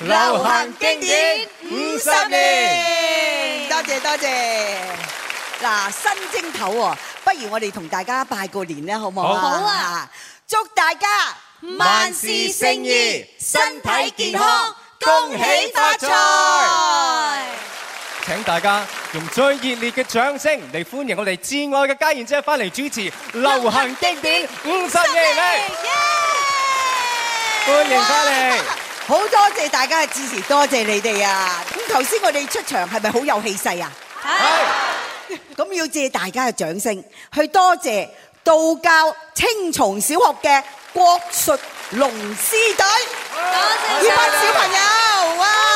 流行經典五十年，多謝多謝。嗱，新鏡頭喎，不如我哋同大家拜個年啦，好唔好啊？祝大家萬事勝意，身體健康，恭喜發財！請大家用最熱烈嘅掌聲嚟歡迎我哋摯愛嘅家燕姐翻嚟主持《流行經典五十年》嚟，歡迎返嚟！好多謝大家嘅支持，多謝你哋啊！咁頭先我哋出場係咪好有氣勢啊？係。咁要借大家嘅掌聲去多謝道教青松小學嘅國術龍獅隊，多謝呢班小朋友。哇！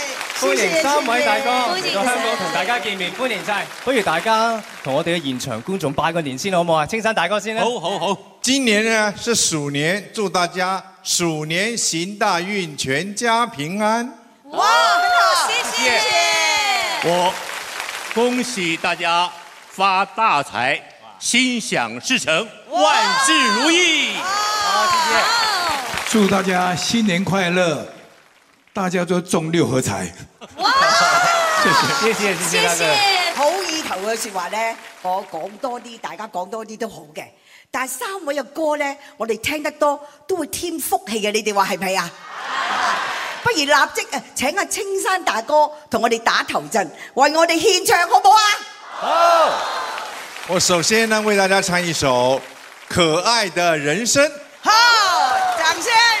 歡迎三位大哥嚟到香港同大家見面，你啊、歡迎晒，不如大家同我哋嘅現場觀眾拜個年先好唔好啊？青山大哥先呢。好好好，今年呢，是鼠年，祝大家鼠年行大運，全家平安。哇！很好，謝謝。謝謝，我恭喜大家發大財，心想事成，萬事如意。好，謝謝。祝大家新年快樂。大家都中六合彩。哇！謝謝謝謝謝謝。好意頭嘅說話咧，我講多啲，大家講多啲都好嘅。但係三位嘅歌咧，我哋聽得多都會添福氣嘅，你哋話係咪啊？不如立即啊，請阿青山大哥同我哋打頭陣，為我哋獻唱好唔好啊？好。我首先呢，為大家唱一首《可愛的人生》。好，掌聲。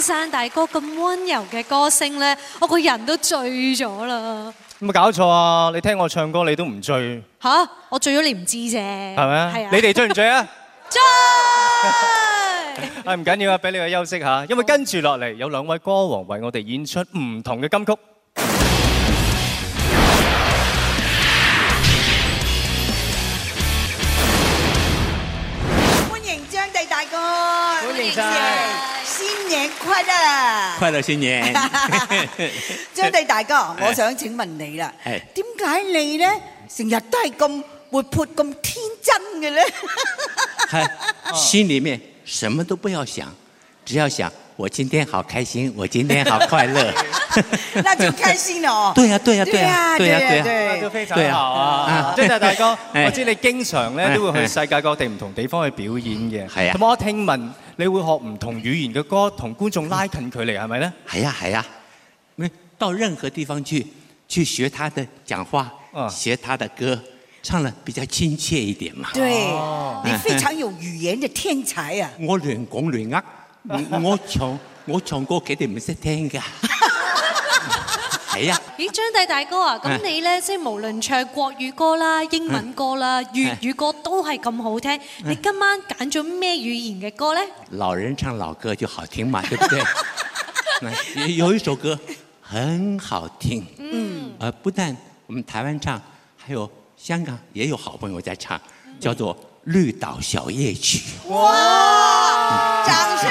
山大哥咁溫柔嘅歌聲咧，我個人都醉咗啦。有冇搞錯啊！你聽我唱歌，你都唔醉。吓，我醉咗你唔知啫。係咪啊？係啊。你哋醉唔醉啊？醉。係唔緊要啊，俾你個休息下。因為跟住落嚟有兩位歌王為我哋演出唔同嘅金曲。歡迎張帝大哥。歡迎晒。快樂快樂新年張帝、啊、 大哥， 我想請問你啦，點解你咧成日都係咁活潑咁天真嘅咧 心裏面什麼都不要想，只要想我今天好開心，我今天好快樂， 那就開心啦、啊、哦、 啊。對啊，對啊，對啊，對啊，對啊，對，啊，對啊都非常好啊。張帝，大哥， 我知你經常咧 都會去世界各地唔同地方去表演嘅。係啊。咁我聽聞。你會學唔同語言嘅歌，同觀眾拉近距離係咪咧？係呀係呀，咩、啊啊、到任何地方去，去學他的講話，學他的歌，唱得比較親切一點嘛。對、啊、你非常有語言嘅天才啊！ 我亂講亂噏，我唱我唱歌佢哋唔識聽㗎。係、哎、啊！咦，張帝大哥啊，咁你呢？嗯、即係無論唱國語歌啦、英文歌啦、粵、嗯、語歌都係咁好聽，嗯。你今晚揀咗咩語言嘅歌呢？老人唱老歌就好聽嘛，對不對？ 有一首歌很好聽，嗯，不但我們台灣唱，還有香港也有好朋友在唱，叫做《綠島小夜曲》哇。哇！掌聲！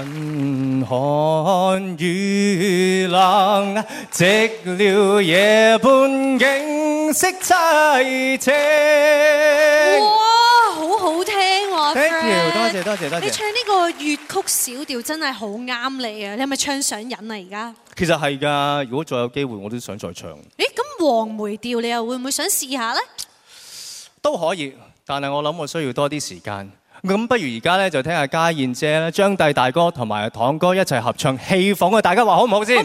雲寒雨冷，寂寥夜半，景色凄清。哇，好好聽喎！Thank you，多謝多謝多謝。你唱呢個粵曲小調真係好啱你啊！你係咪唱上癮啊？而家其實係噶，如果再有機會，我都想再唱。誒，咁黃梅調你又會唔會想試下咧？都可以，但係我諗我需要多啲時間。咁不如而家咧就聽下家燕姐咧、張帝大哥同埋棠哥一齊合唱《戲鳳》，大家話好唔好先？好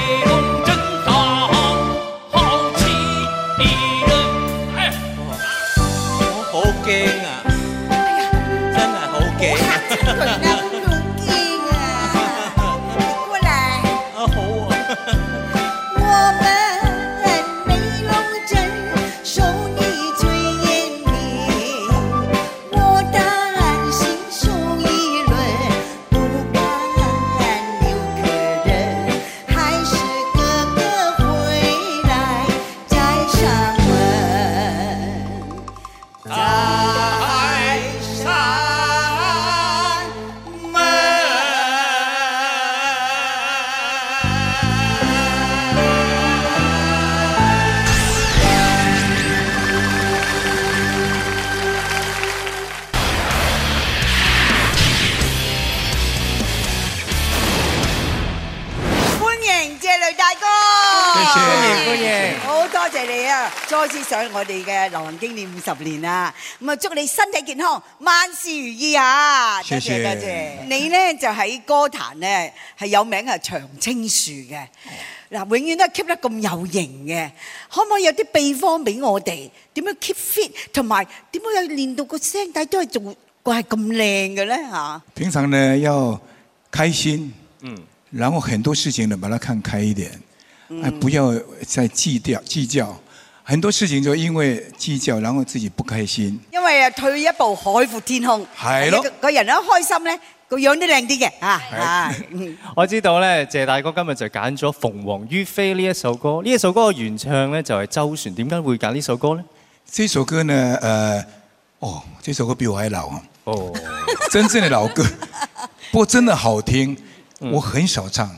上我哋嘅流行經典五十年啦，咁啊祝你身體健康，萬事如意啊！多謝多謝，謝，謝你呢就喺歌壇呢，係有名係長青樹嘅，嗱、嗯、永遠都 keep 得咁有型嘅，可唔可以有啲秘方俾我哋？點樣 keep fit 同埋點樣有練到個聲帶都係仲係咁靚嘅咧嚇？平常呢要開心，嗯，然後很多事情咧，把它看開一點，唔、嗯啊、要再計掉計較。計較很多事情就因為計較，然後自己不開心。因為啊，退一步海闊天空。係咯，個個人一開心咧，個樣都靚啲嘅啊。 我知道咧，謝大哥今日就揀咗《鳳凰于飛》呢一首歌。呢一首歌嘅原唱咧就係周璇。點解會揀呢首歌咧？呢首歌呢？誒、呃，哦，呢首歌比我還老啊。哦，真正嘅老歌， 不過真的好聽，我很少唱。嗯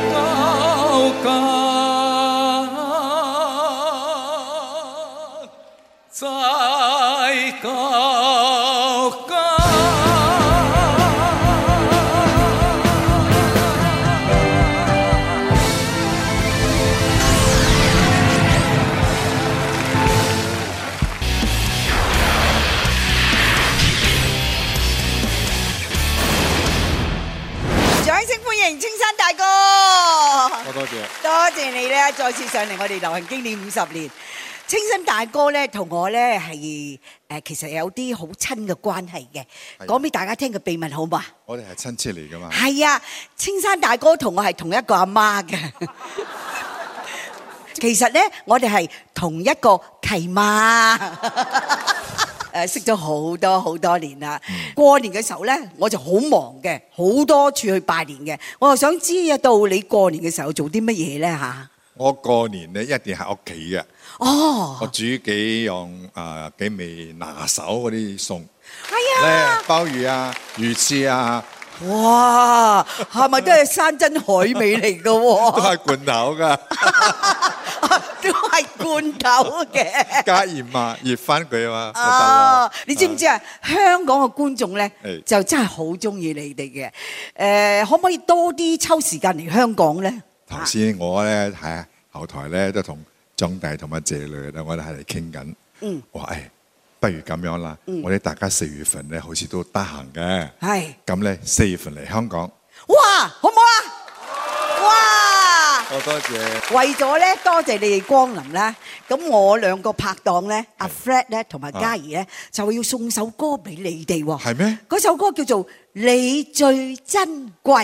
你咧再次上嚟，我哋流行經典五十年，青山大哥咧同我咧係誒，其實有啲好親嘅關係嘅，講俾大家聽個秘密好唔好？我哋係親戚嚟噶嘛？係啊，青山大哥同我係同一個阿媽嘅，其實咧我哋係同一個契媽。誒識咗好多好多年啦，過年嘅時候咧，我就好忙嘅，好多處去拜年嘅。我又想知啊到你過年嘅時候做啲乜嘢咧嚇？我過年咧一定喺屋企嘅。哦，我煮幾樣啊幾味拿手嗰啲餸。係、哎、啊，咧鮑魚啊、魚翅啊。哇，係咪都係山珍海味嚟㗎？ 都係罐頭㗎。 都係罐頭嘅，加 熱啊，熱翻佢啊嘛。哦，你知唔知啊？香港嘅觀眾咧，就真係好中意你哋嘅。誒、呃，可唔可以多啲抽時間嚟香港咧？頭先我咧喺後台咧都同張帝同阿謝雷咧，我哋喺度傾緊。嗯，話誒、哎，不如咁樣啦，嗯，我哋大家四月份咧好似都得閒嘅，係。咁咧四月份嚟香港，哇，好唔好啊？好、oh, 多謝，為咗咧，多謝你哋光臨啦。咁我兩個拍檔咧，阿 Fred 咧同埋嘉儀咧，就要送首歌俾你哋喎。係咩？嗰首歌叫做《你最珍貴》。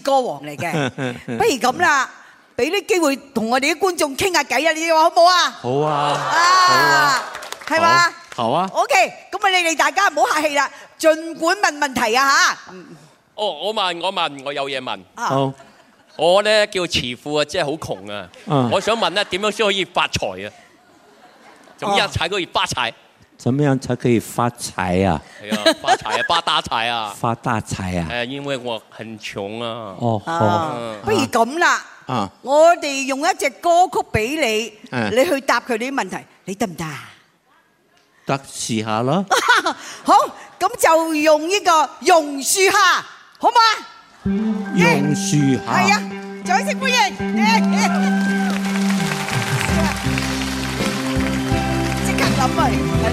歌王嚟嘅，不如咁啦，俾啲機會同我哋啲觀眾傾下偈啊！你哋話好唔好啊？好啊，好啊，係嘛？好啊。OK，咁啊，你哋大家唔好客氣啦，儘管問問題啊吓！哦、嗯 oh,，我問我問，我有嘢問。好、oh.，我咧叫慈父啊，即係好窮啊，uh. 我想問咧點樣先可以發財啊？咁一踩可以發財？Uh. 怎麼樣才可以發財啊，發財啊，發大財啊！ 發大財啊、哎、因為我很窮啊。哦啊不如以咁啦。啊，我哋用一隻歌曲俾你、啊，你去答佢哋啲問題，你得唔得啊？得，試下咯。好，咁就用呢個榕樹下，好嘛？榕樹下。係、哎、啊！掌聲歡迎。哎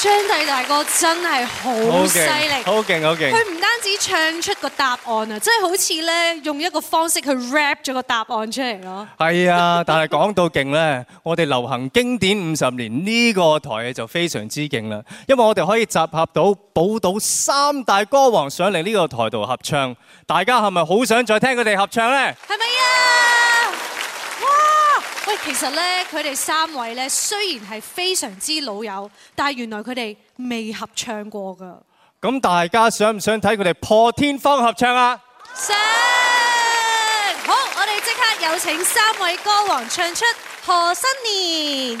張帝大哥真係好犀利，好勁，好勁！佢唔單止唱出個答案啊，真係好似咧用一個方式去 rap 咗個答案出嚟咯。係啊，但係講到勁咧， 我哋流行經典五十年呢個台就非常之勁啦，因為我哋可以集合到寶島三大歌王上嚟呢個台度合唱，大家係咪好想再聽佢哋合唱呢？係咪啊？ 其實咧，佢哋三位咧雖然係非常之老友，但係原來佢哋未合唱過㗎。咁大家想唔想睇佢哋破天荒合唱啊？想！好，我哋即刻有請三位歌王唱出《賀新年》。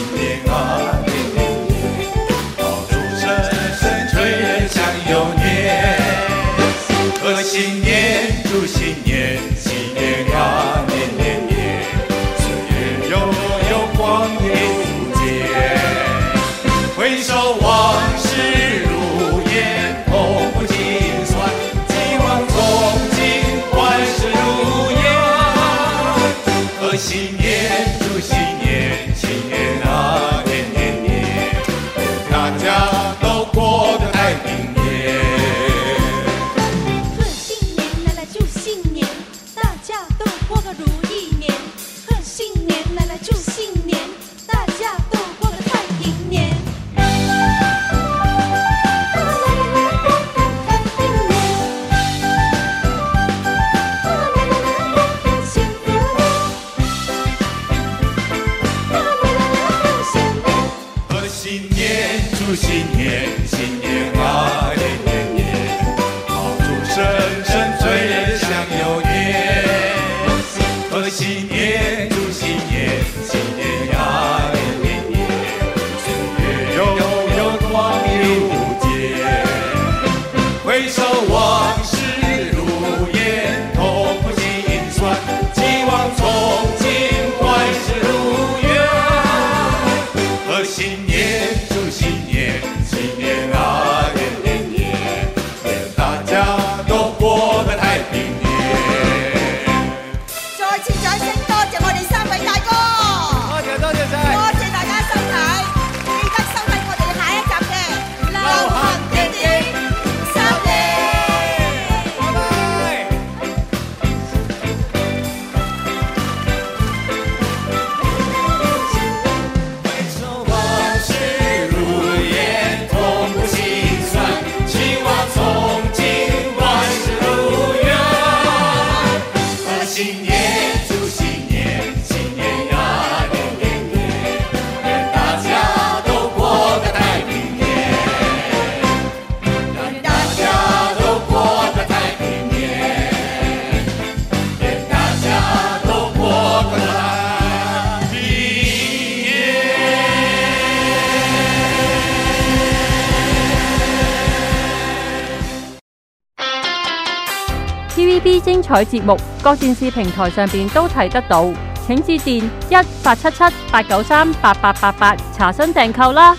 佢節目各電視平台上邊都睇得到，請致電一八七七八九三八八八八查詢訂購啦。